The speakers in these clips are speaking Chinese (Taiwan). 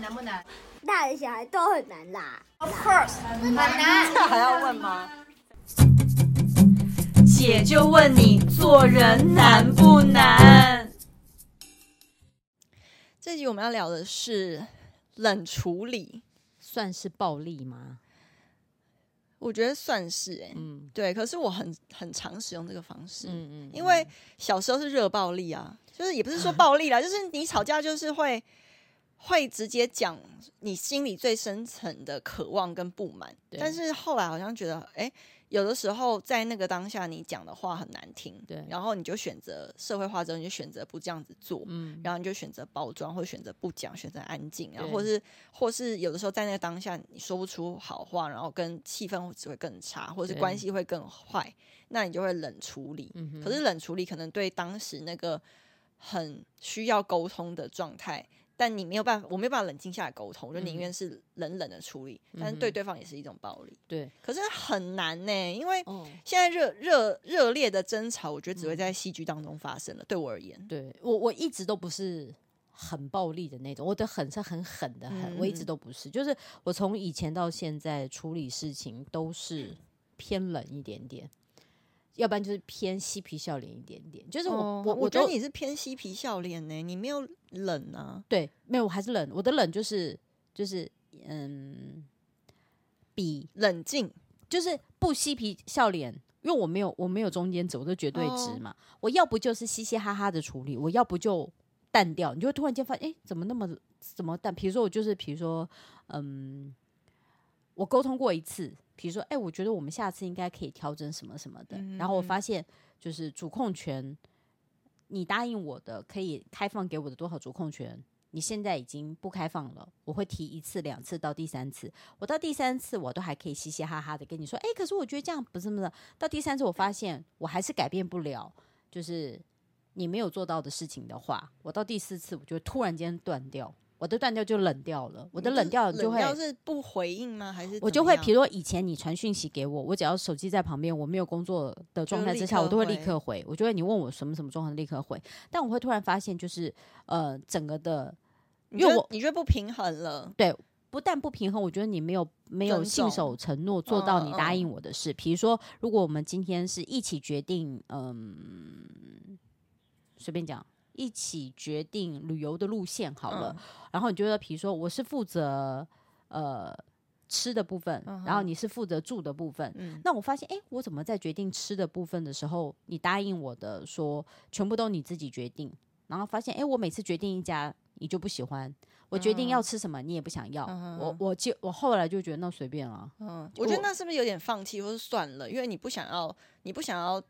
難不難？大人小孩都很難啦。Of course，難，難。還要問嗎？姐就問你做人難不難？這集我們要聊的是冷處理，算是暴力嗎？我覺得算是哎、欸。嗯。對，可是我很很常使用這個方式。嗯嗯。嗯，因為小時候是熱暴力啊，嗯、就是也不是說暴力啦，就是你吵架就是會。會直接講你心裡最深層的渴望跟不滿，對但是後來好像覺得，哎、欸，有的時候在那個當下你講的話很難聽，對，然後你就選擇社會化之後你就選擇不這樣子做，嗯，然後你就選擇包裝或選擇不講，選擇安靜，然後或是對或是有的時候在那個當下你說不出好話，然後跟氣氛只會更差，或是關係會更壞，對那你就會冷處理。嗯、哼可是冷處理可能對當時那個很需要溝通的狀態。但你沒有辦法，我沒有辦法冷靜下來溝通，我就寧願是冷冷的處理，嗯、但是對對方也是一種暴力。對、嗯，可是很難呢、欸，因為現在熱熱熱烈的爭吵，我覺得只會在戲劇當中發生了。嗯、對我而言，對我我一直都不是很暴力的那種，我的狠是很狠的狠，嗯、我一直都不是，就是我從以前到現在處理事情都是偏冷一點點。要不然就是偏嬉皮笑臉一點點，就是我、oh, 我我,我覺得你是偏嬉皮笑臉呢、欸，你沒有冷啊？對，沒有，我還是冷。我的冷就是就是嗯，比冷靜，就是不嬉皮笑臉。因為我沒有我沒有中間值，我是絕對值嘛。Oh. 我要不就是嘻嘻哈哈的處理，我要不就淡掉。你就會突然間發現，哎、欸，怎麼那麼怎麼淡？比如說我就是，比如說嗯。我溝通過一次，比如說，哎，我覺得我們下次應該可以調整什麼什麼的。嗯嗯嗯，然後我發現，就是主控權，你答應我的可以開放給我的多少主控權，你現在已經不開放了。我會提一次、兩次到第三次，我到第三次我都還可以嘻嘻哈哈的跟你說，哎，可是我覺得這樣不是那麼的。到第三次我發現我還是改變不了，就是你沒有做到的事情的話，我到第四次我就突然間斷掉。我都斷掉就冷掉了，我的冷掉了就會你要是不回應嗎？還是我就會，比如說以前你傳訊息給我，我只要手機在旁邊，我沒有工作的狀態之下，我都會立刻回。我覺得你問我什麼什麼狀況立刻回，但我會突然發現就是呃整個的，因為我你就不平衡了，對，不但不平衡，我覺得你沒有沒有信守承諾，做到你答應我的事。比、嗯嗯、如說，如果我們今天是一起決定，嗯、呃，隨便講。一起決定旅遊的路線好了，嗯、然後你覺得，比如說我是負責呃吃的部分，嗯、哼然後你是負責住的部分。嗯、那我發現，哎，我怎麼在決定吃的部分的時候，你答應我的說全部都你自己決定，然後發現，哎，我每次決定一家，你就不喜歡；嗯、我決定要吃什麼，你也不想要。嗯、哼我我就我後來就覺得那隨便了。嗯，我覺得那是不是有點放棄或我是算了？因為你不想要，你不想要。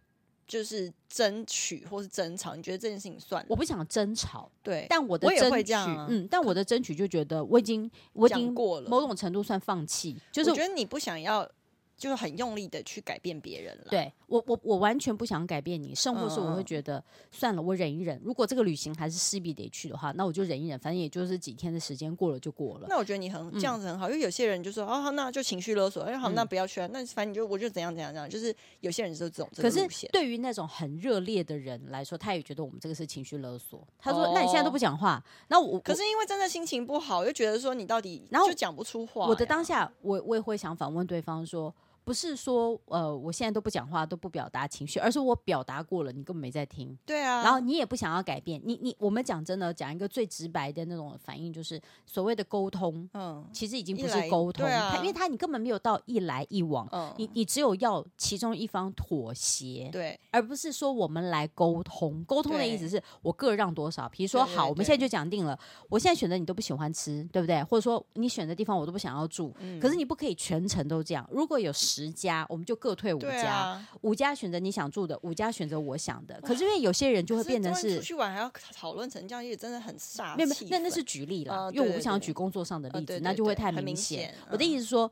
就是爭取或是爭吵，你覺得這件事情算了？我不想爭吵，對，但我的爭取，我也會這樣啊、嗯，但我的爭取就覺得我已經、嗯、我已經過了某種程度算放棄，就是我覺得你不想要。就是很用力的去改變別人了。對，我我我完全不想改變你。甚或是我會覺得算了，嗯、我忍一忍。如果這個旅行還是勢必得去的話，那我就忍一忍，反正也就是幾天的時間，過了就過了。那我覺得你很這樣子很好，嗯、因為有些人就說啊，那就情緒勒索，哎、欸、好、啊，那不要去了、啊，嗯、那反正你就我就怎樣怎樣怎樣，就是有些人就這種。可是對於那種很熱烈的人來說，他也覺得我們這個是情緒勒索。他說：“哦、那你現在都不講話，那我可是因為真的心情不好，又覺得說你到底然後就講不出話。”我的當下，我我也會想反問對方說。不是說呃，我現在都不講話，都不表達情緒，而是我表達過了，你根本沒在聽。對啊，然後你也不想要改變。你你，我們講真的，講一個最直白的那種反應，就是所謂的溝通，嗯，其實已經不是溝通，啊，因為他你根本沒有到一來一往，嗯，你你只有要其中一方妥協，對，而不是說我們來溝通。溝通的意思是我各讓多少，比如說對對對好，我們現在就講定了，我現在選擇你都不喜歡吃，對不對？或者說你選的地方我都不想要住，嗯、可是你不可以全程都這樣。如果有十家，我們就各退五家，五、啊、家選擇你想住的，五家選擇我想的。哇可是因為有些人就會變成是，是出去玩還要討論成這樣，也真的很傻，那那是舉例了，呃、對對對，因為我不想舉工作上的例子，呃、對對對，那就會太明顯。明我的意思是說，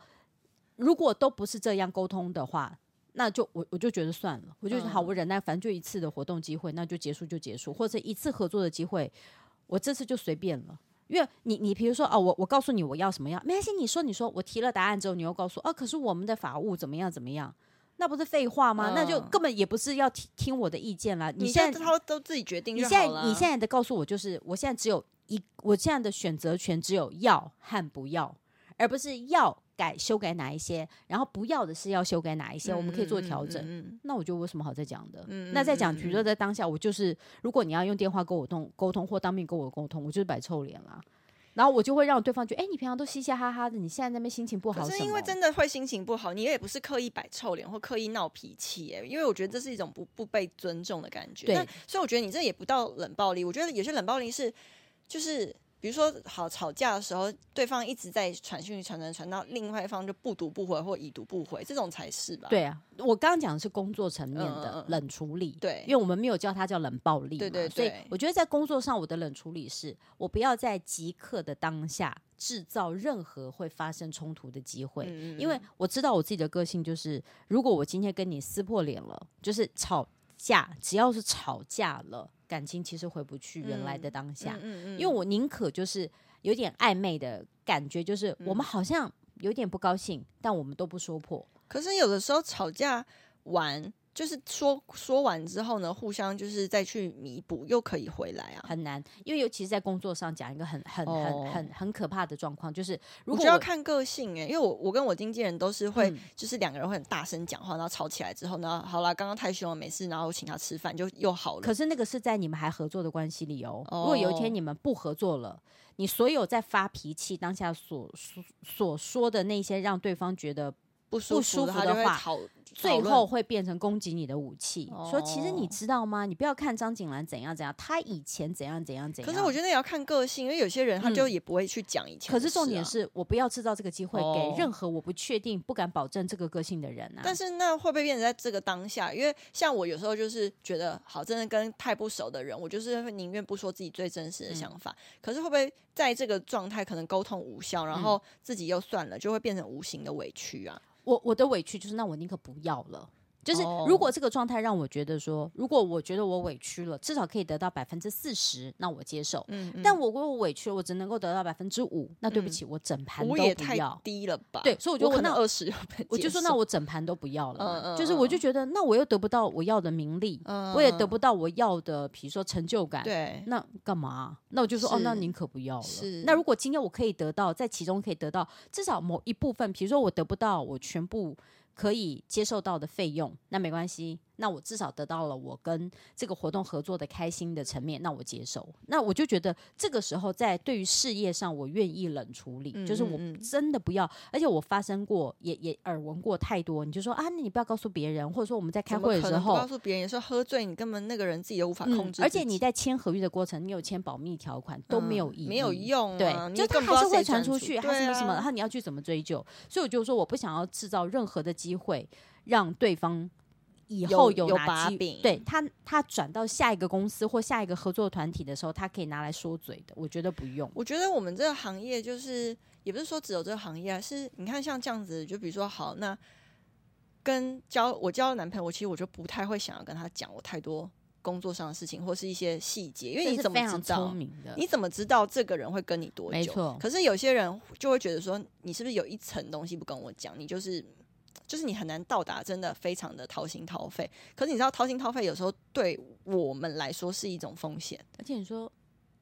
嗯、如果都不是這樣溝通的話，那就我我就覺得算了，我就毫無忍耐，嗯、反正就一次的活動機會，那就結束就結束，或者一次合作的機會，我這次就隨便了。因為你，你比如說哦，我我告訴你我要什麼樣，沒關係，你說你說，我提了答案之後，你又告訴我啊、哦，可是我們的法務怎麼樣怎麼樣，那不是廢話嗎？嗯、那就根本也不是要聽聽我的意見了。你現在都都自己決定了，你現在你現在的告訴我就是，我現在只有一，我現在的選擇權只有要和不要，而不是要，改修改哪一些，然後不要的是要修改哪一些，嗯、我們可以做調整。嗯、那我覺得沒什麼好再講的。嗯、那再講，比如說在當下，我就是如果你要用電話跟我通溝通或當面跟我溝通，我就是擺臭臉啦。然後我就會讓對方覺得，哎，你平常都嘻嘻哈哈的，你現在在那邊心情不好。是因為真的會心情不好，你也不是刻意擺臭臉或刻意鬧脾氣、欸，哎，因為我覺得這是一種不不被尊重的感覺。對，那所以我覺得你這也不到冷暴力。我覺得有些冷暴力是就是。比如說，好吵架的時候，對方一直在傳訊息，傳傳傳到另外一方就不讀不回，或已讀不回，這種才是吧？對啊，我剛剛講的是工作層面的、嗯、冷處理，對，因為我們沒有叫他叫冷暴力嘛，對、對、對，所以我覺得在工作上，我的冷處理是我不要在即刻的當下製造任何會發生衝突的機會，嗯、因為我知道我自己的個性就是，如果我今天跟你撕破臉了，就是吵架，只要是吵架了。感情其實回不去原來的當下，嗯嗯嗯嗯、因為我寧可就是有點曖昧的感覺，就是我們好像有點不高興，嗯、但我們都不說破。可是有的時候吵架完，就是說說完之後呢，互相就是再去彌補，又可以回來啊，很難。因為尤其是在工作上講一個很很、oh. 很很很可怕的狀況，就是如果我我就要看個性哎、欸，因為我我跟我經紀人都是會，嗯、就是兩個人會很大聲講話，然後吵起來之後呢，好啦，剛剛太兇了，沒事，然後我請他吃飯就又好了。可是那個是在你們還合作的關係裡哦。Oh. 如果有一天你們不合作了，你所有在發脾氣當下所所所說的那些，讓對方覺得。不舒服的話，的話最後會變成攻擊你的武器。哦、說其實你知道嗎？你不要看張景蘭怎樣怎樣，她以前怎樣怎樣怎樣。可是我覺得也要看個性，因為有些人他就也不會去講以前、啊嗯。可是重點是我不要制造這個機會給任何我不確定、哦、不敢保證這個個性的人、啊。但是那會不會變成在這個當下？因為像我有時候就是覺得，好，真的跟太不熟的人，我就是會寧願不說自己最真實的想法。嗯、可是會不會在這個狀態可能溝通無效，然後自己又算了，嗯、就會變成無形的委屈啊？我我的委屈就是，那我寧可不要了。就是如果這個狀態讓我覺得說，如果我覺得我委屈了，至少可以得到百分之四十，那我接受。但我但如果我委屈了，我只能夠得到百分之五，那對不起，我整盤。都也太低了吧？對，所以我就看到二十，我就說那我整盤都不要了。就是我就覺得，那我又得不到我要的名利，我也得不到我要的，比如說成就感。對。那幹嘛？那我就說哦，那寧可不要了。是。那如果今天我可以得到，在其中可以得到至少某一部分，比如說我得不到，我全部。可以接受到的費用，那沒關係。那我至少得到了我跟這個活動合作的開心的層面，那我接受。那我就覺得這個時候在對於事業上，我願意冷處理，嗯嗯就是我真的不要。而且我發生過，也也耳聞過太多。你就說啊，那你不要告訴別人，或者說我們在開會的時候不告訴別人也是喝醉，你根本那個人自己都無法控制、嗯。而且你在簽合約的過程，你有簽保密條款都沒有意義、嗯，沒有用、啊。對，你對，就他還是會傳出去，他什麼什麼？然後、啊、你要去怎麼追究？所以我就說，我不想要制造任何的機會讓對方。以後有把柄，對他，他轉到下一個公司或下一個合作團體的時候，他可以拿來說嘴的。我覺得不用。我覺得我們這個行業就是，也不是說只有這個行業啊。是，你看像這樣子，就比如說，好，那跟交我交男朋友，我其實我就不太會想要跟他講我太多工作上的事情或是一些細節，因為你怎麼知道？你怎麼知道這個人會跟你多久？可是有些人就會覺得說，你是不是有一層東西不跟我講？你就是。就是你很難到達，真的非常的掏心掏肺。可是你知道，掏心掏肺有時候對我們來說是一種風險。而且你說，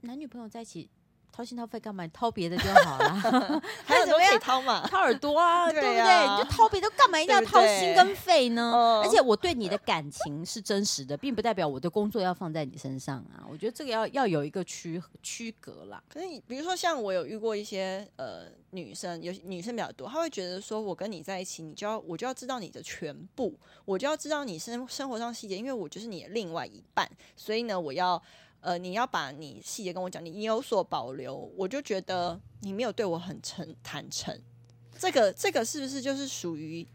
男女朋友在一起。掏心掏肺幹嘛？掏別的就好了， 還有什麼可以掏嘛？ 掏耳朵啊，對，啊對不對？你就掏別的幹嘛？一定要掏心跟肺呢？Oh. 而且我對你的感情是真實的，並不代表我的工作要放在你身上啊。我覺得這個要要有一個區區隔啦。可是，比如說像我有遇過一些呃女生，有女生比較多，她會覺得說我跟你在一起，你就要我就要知道你的全部，我就要知道你生生活上細節，因為我就是你的另外一半，所以呢，我要。呃，你要把你細節跟我講，你有所保留，我就覺得你沒有對我很誠坦誠，這個這個是不是就是屬於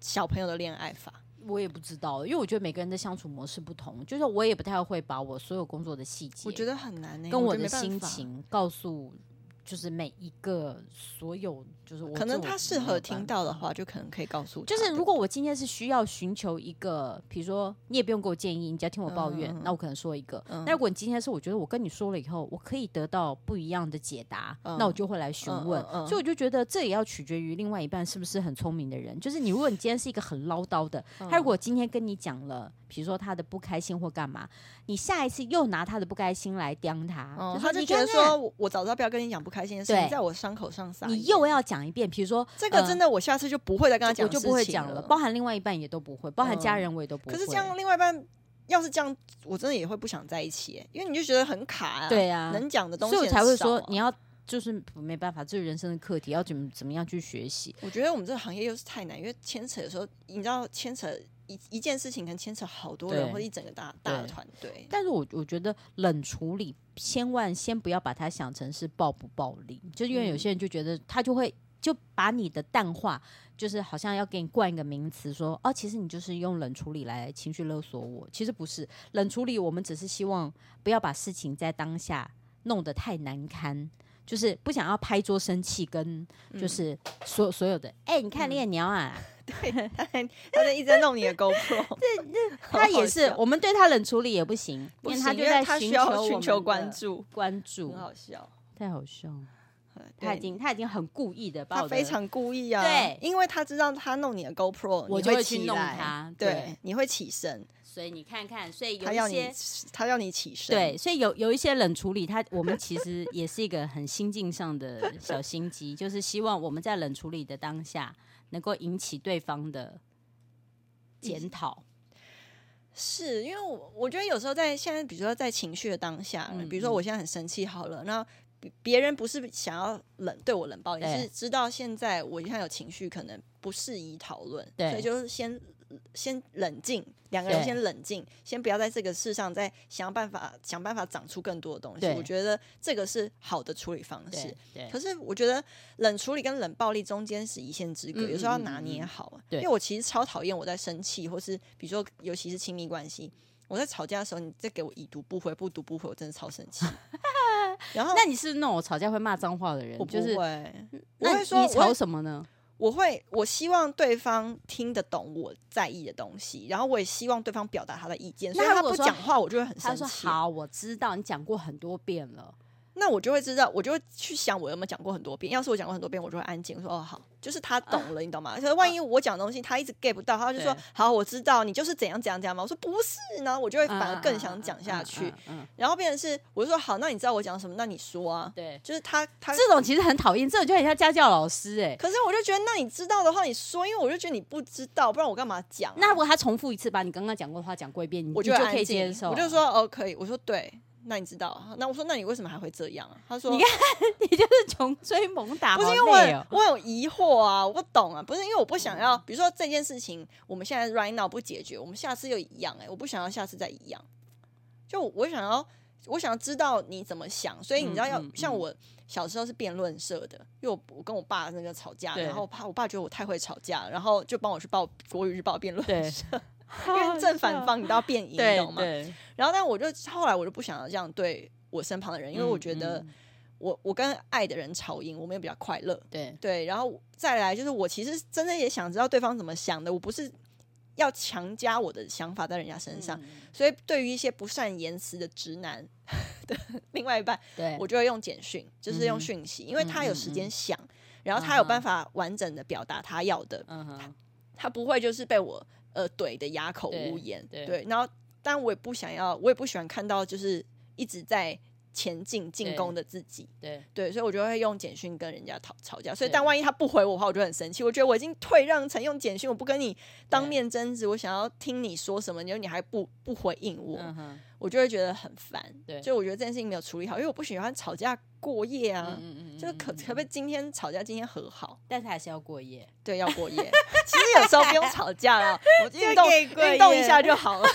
小朋友的戀愛法？我也不知道，因為我覺得每個人的相處模式不同，就是我也不太會把我所有工作的細節，我覺得很難，欸，跟我的心情告訴你。就是每一個所有，就是我可能他適合聽到的話，就可能可以告訴你。就是如果我今天是需要尋求一個，比如說你也不用給我建議，你只要聽我抱怨，嗯、那我可能說一個。嗯、那如果你今天是我覺得我跟你說了以後，我可以得到不一樣的解答，嗯、那我就會來詢問。嗯嗯嗯、所以我就覺得這也要取決於另外一半是不是很聰明的人。就是你如果你今天是一個很嘮叨的，嗯、他如果今天跟你講了，比如說他的不開心或幹嘛，你下一次又拿他的不開心來刁他，他就覺得說我早知道不要跟你講不開心。開心的事情在我傷口上撒，你又要講一遍。比如說，這個真的，我下次就不會再跟他講，我就不會講了。包含另外一半也都不會，包含家人我也都不會。可是這樣，另外一半要是這樣，我真的也會不想在一起，欸，因為你就覺得很卡。對啊，能講的東西，所以我才會說、啊、你要就是沒辦法，這是人生的課題，要怎麼怎麼樣去學習。我覺得我們這個行業又是太難，因為牽扯的時候，你知道牽扯。一一件事情可能牽扯好多人，對或一整個大對大的團隊。但是我我覺得冷處理，千萬先不要把它想成是暴不暴力，嗯、就因為有些人就覺得他就會就把你的淡化，就是好像要給你冠一個名詞，說哦，其實你就是用冷處理來情緒勒索我。其實不是，冷處理我們只是希望不要把事情在當下弄得太難堪，就是不想要拍桌生氣，跟就是所、嗯、所有的。哎、欸，你看你眼鳥啊！嗯對他，他在一直在弄你的 GoPro，這這他也是，我們對他冷處理也不行，因為他就在尋求尋求關注，關注，很好笑，太好笑了。他已經他已經很故意的，他非常故意啊，對，因為他知道他弄你的 GoPro，我會去弄他，對，你會起身，所以你看看，所以有一些他要你起身，對，所以有有一些冷處理，他我們其實也是一個很心境上的小心機，就是希望我們在冷處理的當下。能夠引起對方的檢討，是因為我我覺得有時候在現在，比如說在情緒的當下，嗯、比如說我現在很生氣，好了，那別人不是想要冷對我冷暴力，對是知道現在我現在有情緒，可能不適宜討論，對所以就是先。先冷靜，兩個人先冷靜，對先不要在這個事上再想辦法，想辦法長出更多的東西。對我覺得這個是好的處理方式。可是我覺得冷處理跟冷暴力中間是一線之隔，嗯、有時候要拿捏好。嗯嗯、因為我其實超討厭我在生氣，或是比如說，尤其是親密關係，我在吵架的時候，你再給我已讀不回、不讀不回，我真的超生氣。 然後，那你是那種我吵架會罵髒話的人？我不會。就是、那你吵什麼呢？我會，我希望對方聽得懂我在意的東西，然後我也希望對方表達他的意見，如果所以他不講話，我就會很生氣。他說：“好，我知道你講過很多遍了。”那我就會知道，我就會去想我有沒有講過很多遍。要是我講過很多遍，我就會安靜。我說哦好，就是他懂了，啊、你懂嗎？可是萬一我講東西，啊、他一直 get 不到，他就說對好，我知道你就是怎樣怎樣怎樣嗎？我說不是呢，我就會反而更想講下去。然後變成是，我就說好，那你知道我講什麼？那你說啊。對，就是他他這種其實很討厭，這種就很像家教老師誒、欸。可是我就覺得，那你知道的話，你說，因為我就覺得你不知道，不然我幹嘛講、啊？那如果他重複一次，把你剛剛講過的話講過一遍，你，你就可以接受、啊。我就說哦可以，我說對。那你知道、啊？那我說，那你為什麼還會這樣啊？他說：“你看，你就是窮追猛打， 不是因為我，、哦，我有疑惑啊，我不懂啊，不是因為我不想要。嗯、比如說這件事情，我們現在 right now 不解決，我們下次又一樣、欸。哎，我不想要下次再一樣。就我想要，我想要知道你怎麼想。所以你知道要，要、嗯嗯嗯、像我小時候是辯論社的，因為我我跟我爸那個吵架，對然後我爸，我爸覺得我太會吵架，然後就幫我去報國語日報辯論社。”跟正反方，你都要變贏，懂嗎？ 對對，然後，但我就後來，我就不想要這樣對我身旁的人，嗯、因為我覺得我，我我跟愛的人吵贏，我們沒有比較快樂。對對，然後再來就是，我其實真的也想知道對方怎麼想的，我不是要強加我的想法在人家身上。嗯、所以，對於一些不善言辭的直男的 另外一半，對我就會用簡訊，就是用訊息，嗯、因為他有時間想，嗯、然後他有辦法完整的表達他要的。嗯他，他不會就是被我。呃，懟的啞口無言，對，對，對，然後，但我也不想要，我也不喜歡看到，就是一直在。前進進攻的自己，對對，所以我就會用簡訊跟人家吵吵架，所以但萬一他不回我的話，我就很生氣。我覺得我已經退讓成用簡訊，我不跟你當面爭執，我想要聽你說什麼，結果你還不不回應我，我就會覺得很煩。對，所以我覺得這件事情沒有處理好，因為我不喜歡吵架過夜啊。嗯嗯，就是可可不可以今天吵架，今天和好？但是他還是要過夜。對，要過夜。其實有時候不用吵架了，我運動運動一下就好了。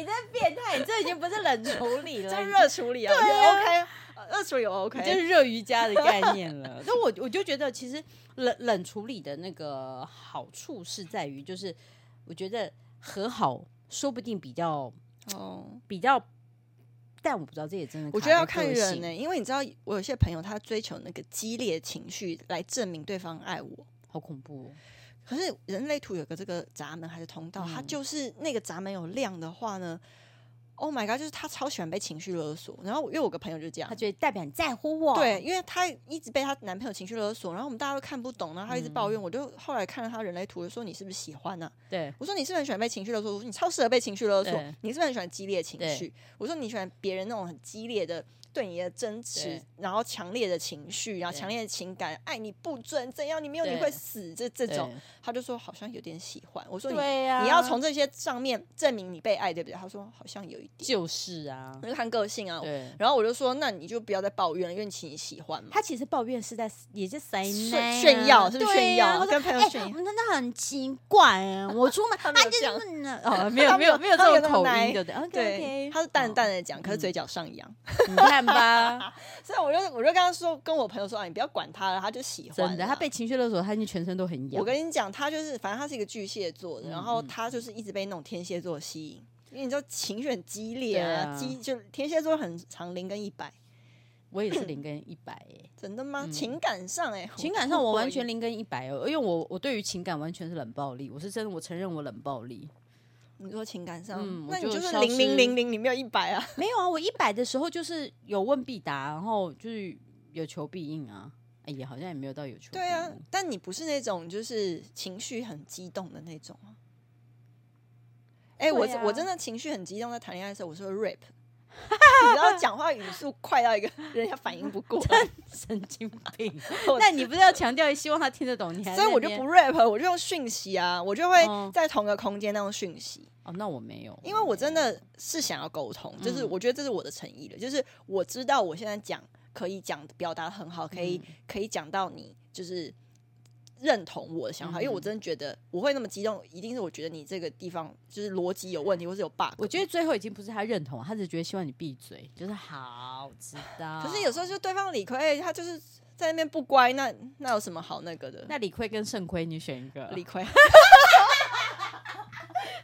你這變態！你這已經不是冷處理了， 這是熱處理啊！對、啊、k、OK, 熱 處理 OK，就是熱瑜伽的概念了。那我 我就覺得，其實冷冷處理的那個好處是在於，就是我覺得和好說不定比較哦，比較。但我不知道這也真的,的，我覺得要看人呢，因為你知道，我有些朋友他追求那個激烈的情緒來證明對方愛我，好恐怖、哦。可是人類圖有個這個閘門還是通道，嗯、它就是那個閘門有亮的話呢、嗯、，Oh my god！就是他超喜歡被情緒勒索。然後我因為我個朋友就這樣，他覺得代表你在乎我，對，因為他一直被他男朋友情緒勒索，然後我們大家都看不懂，然後他一直抱怨。嗯、我就後來看了他人類圖，就說你是不是喜歡呢、啊？對，我說你是不是很喜歡被情緒勒索？我說你超適合被情緒勒索，對，你是不是很喜歡激烈的情緒？對，我說你喜歡別人那種很激烈的。對你的真實，然後強烈的情緒，然後強烈的情感，愛你不准怎樣？你沒有你會死這這種，他就說好像有點喜歡。我說，你你要從這些上面證明你被愛對不對？他說好像有一點，就是啊，那個看個性啊。然後我就說那你就不要再抱怨了，因為其實你喜歡嘛。他其實抱怨是在也是在炫耀，是不是炫耀，我跟朋友炫耀。真的很奇怪哎，我出門啊講哦，沒有沒有沒有這種口音對不對？對，他是淡淡的講，可是嘴角上揚，吧，所以、 啊、我就我就跟他說，跟我朋友說啊，你不要管他了，他就喜歡的，他被情緒勒索，他已經全身都很癢。我跟你講，他就是反正他是一個巨蟹座的，然後他就是一直被那種天蠍座吸引，嗯嗯，因為你知道情緒很激烈啊，啊激就天蠍座很常零跟一百，我也是零跟一百，欸，哎， 真的嗎？嗯、情感上哎，欸，情感上我完全零跟一百哦，因為我我對於情感完全是冷暴力，我是真的，我承認我冷暴力。你說情感上，嗯、那你就是零零零零，你沒有一百啊？沒有啊，我一百的時候就是有問必答，然後就是有求必應啊。哎呀，好像也沒有到有求必應。對啊，但你不是那種就是情緒很激動的那種啊。哎、啊欸，我我真的情緒很激動，在談戀愛的時候，我是會 rap。只要 講話語速快到一個人家反應不過來，真神經病。知道 那你不是要強調希望他聽得懂？你還所以，我就不 rap，我就用訊息啊，我就會在同個空間那種訊息。哦，哦，那我沒有，因為我真的是想要溝通，就是我覺得這是我的誠意的，嗯、就是我知道我現在講可以講表達很好，可以、嗯、可以講到你，就是。認同我的想法，嗯、因為我真的覺得我會那麼激動，一定是我覺得你這個地方就是邏輯有問題，或是有 bug。我覺得最後已經不是他認同，他只是覺得希望你閉嘴，就是好，我知道。可是有時候就對方理虧、欸，他就是在那邊不乖，那那有什麼好那個的？那理虧跟腎虧你選一個，理虧李虧。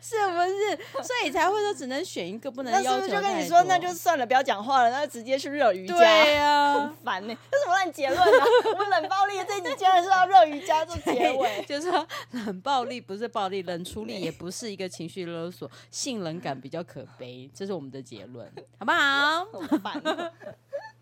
是不是？所以才會說只能選一個，不能要求太多。那是不是就跟你說，那就算了，不要講話了，那就直接去熱瑜伽。對呀、啊，很煩呢、欸。這是什麼爛結論呢、啊？ 我們冷暴力這一集，竟然是要熱瑜伽做結尾， 就是說冷暴力不是暴力，冷處理也不是一個情緒勒索，性冷感比較可悲，這是我們的結論，好不好？好煩。